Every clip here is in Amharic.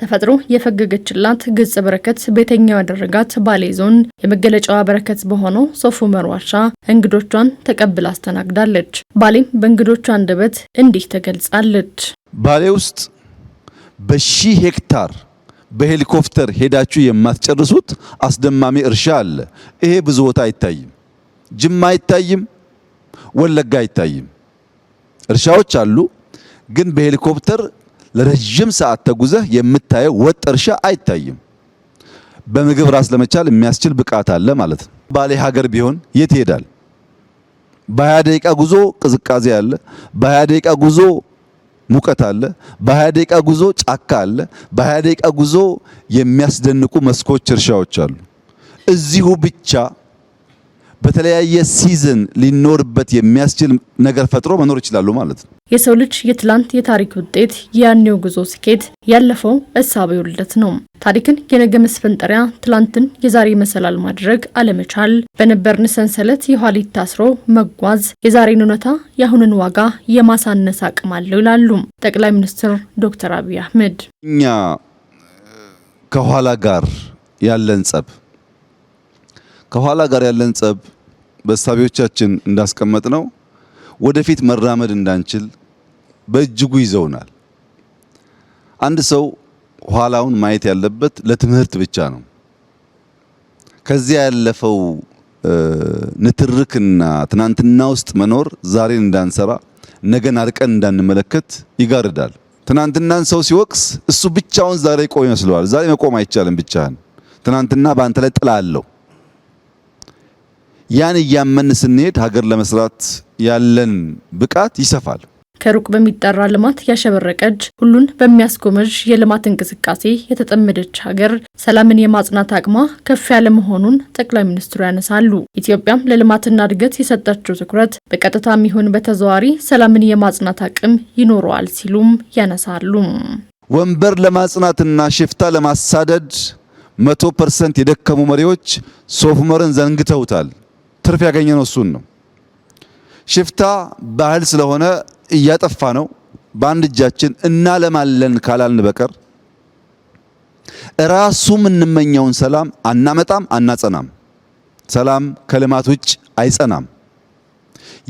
ተፈጥሮ የፈገገችላት ገጸ በረከት ቤተኛው ያደረጋት ባሌ ዞን የመገለጫዋ በረከት በሆነው ሶፍ ዑመር ዋሻ እንግዶቿን ተቀብላ አስተናግዳለች። ባሌም በእንግዶቿ አንደበት እንዲህ ተገልጻለች። ባሌ ውስጥ በሺህ ሄክታር በሄሊኮፕተር ሄዳችሁ የማትጨርሱት አስደማሚ እርሻ አለ። ይሄ ብዙ ቦታ አይታይም። ጅማ አይታይም፣ ወለጋ አይታይም። እርሻዎች አሉ ግን በሄሊኮፕተር ለረጅም ሰዓት ተጉዘህ የምታየው ወጥ እርሻ አይታይም። በምግብ ራስ ለመቻል የሚያስችል ብቃት አለ ማለት ነው። ባሌ ሀገር ቢሆን የት ይሄዳል? በሀያ ደቂቃ ጉዞ ቅዝቃዜ አለ። በሀያ ደቂቃ ጉዞ ሙቀት አለ። በሀያ ደቂቃ ጉዞ ጫካ አለ። በሀያ ደቂቃ ጉዞ የሚያስደንቁ መስኮች፣ እርሻዎች አሉ። እዚሁ ብቻ በተለያየ ሲዝን ሊኖርበት የሚያስችል ነገር ፈጥሮ መኖር ይችላሉ ማለት ነው። የሰው ልጅ የትላንት የታሪክ ውጤት የያኔው ጉዞ ስኬት፣ ያለፈው እሳቤው ውልደት ነው። ታሪክን የነገ መስፈንጠሪያ፣ ትላንትን የዛሬ መሰላል ማድረግ አለመቻል፣ በነበርን ሰንሰለት የኋሊት ታስሮ መጓዝ የዛሬን እውነታ የአሁንን ዋጋ የማሳነስ አቅም አለው ይላሉ ጠቅላይ ሚኒስትር ዶክተር አብይ አህመድ። እኛ ከኋላ ጋር ያለን ጸብ ከኋላ ጋር ያለን ጸብ በሳቢዎቻችን እንዳስቀመጥ ነው ወደፊት መራመድ እንዳንችል በእጅጉ ይዘውናል። አንድ ሰው ኋላውን ማየት ያለበት ለትምህርት ብቻ ነው። ከዚያ ያለፈው ንትርክና ትናንትና ውስጥ መኖር ዛሬን እንዳንሰራ፣ ነገን አርቀን እንዳንመለከት ይጋርዳል። ትናንትናን ሰው ሲወቅስ እሱ ብቻውን ዛሬ ቆይ ይመስለዋል። ዛሬ መቆም አይቻልም ብቻህን። ትናንትና በአንተ ላይ ጥላ አለው። ያን እያመን ስንሄድ ሀገር ለመስራት ያለን ብቃት ይሰፋል። ከሩቅ በሚጠራ ልማት ያሸበረቀች ሁሉን በሚያስጎመዥ የልማት እንቅስቃሴ የተጠመደች ሀገር ሰላምን የማጽናት አቅሟ ከፍ ያለ መሆኑን ጠቅላይ ሚኒስትሩ ያነሳሉ። ኢትዮጵያም ለልማትና እድገት የሰጠችው ትኩረት በቀጥታም ይሁን በተዘዋሪ ሰላምን የማጽናት አቅም ይኖረዋል ሲሉም ያነሳሉ። ወንበር ለማጽናትና ሽፍታ ለማሳደድ መቶ ፐርሰንት የደከሙ መሪዎች ሶፍመርን ዘንግተውታል። ትርፍ ያገኘ ነው። እሱን ነው። ሽፍታ ባህል ስለሆነ እያጠፋ ነው። በአንድ እጃችን እናለማለን ካላልን በቀር እራሱ የምንመኘውን ሰላም አናመጣም፣ አናጸናም። ሰላም ከልማት ውጭ አይጸናም።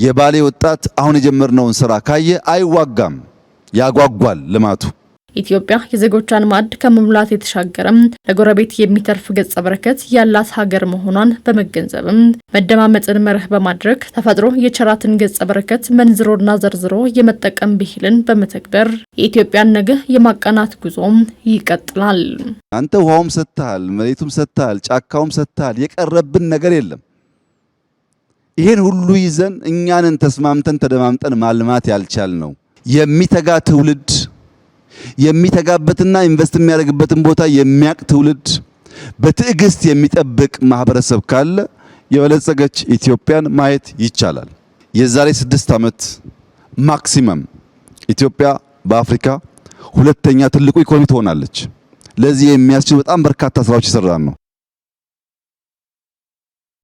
የባሌ ወጣት አሁን የጀመርነውን ስራ ካየ አይዋጋም፣ ያጓጓል ልማቱ ኢትዮጵያ የዜጎቿን ማዕድ ከመሙላት የተሻገረም ለጎረቤት የሚተርፍ ገጸ በረከት ያላት ሀገር መሆኗን በመገንዘብም መደማመጥን መርህ በማድረግ ተፈጥሮ የቸራትን ገጸ በረከት መንዝሮና ዘርዝሮ የመጠቀም ብሂልን በመተግበር የኢትዮጵያን ነገ የማቃናት ጉዞም ይቀጥላል። አንተ ውሃውም ሰጥተሃል፣ መሬቱም ሰጥተሃል፣ ጫካውም ሰጥተሃል። የቀረብን ነገር የለም። ይህን ሁሉ ይዘን እኛንን ተስማምተን ተደማምጠን ማልማት ያልቻል ነው የሚተጋ ትውልድ የሚተጋበትና ኢንቨስት የሚያደርግበትን ቦታ የሚያቅ ትውልድ፣ በትዕግስት የሚጠብቅ ማህበረሰብ ካለ የበለጸገች ኢትዮጵያን ማየት ይቻላል። የዛሬ ስድስት ዓመት ማክሲመም ኢትዮጵያ በአፍሪካ ሁለተኛ ትልቁ ኢኮኖሚ ትሆናለች። ለዚህ የሚያስችሉ በጣም በርካታ ስራዎች ይሰራል ነው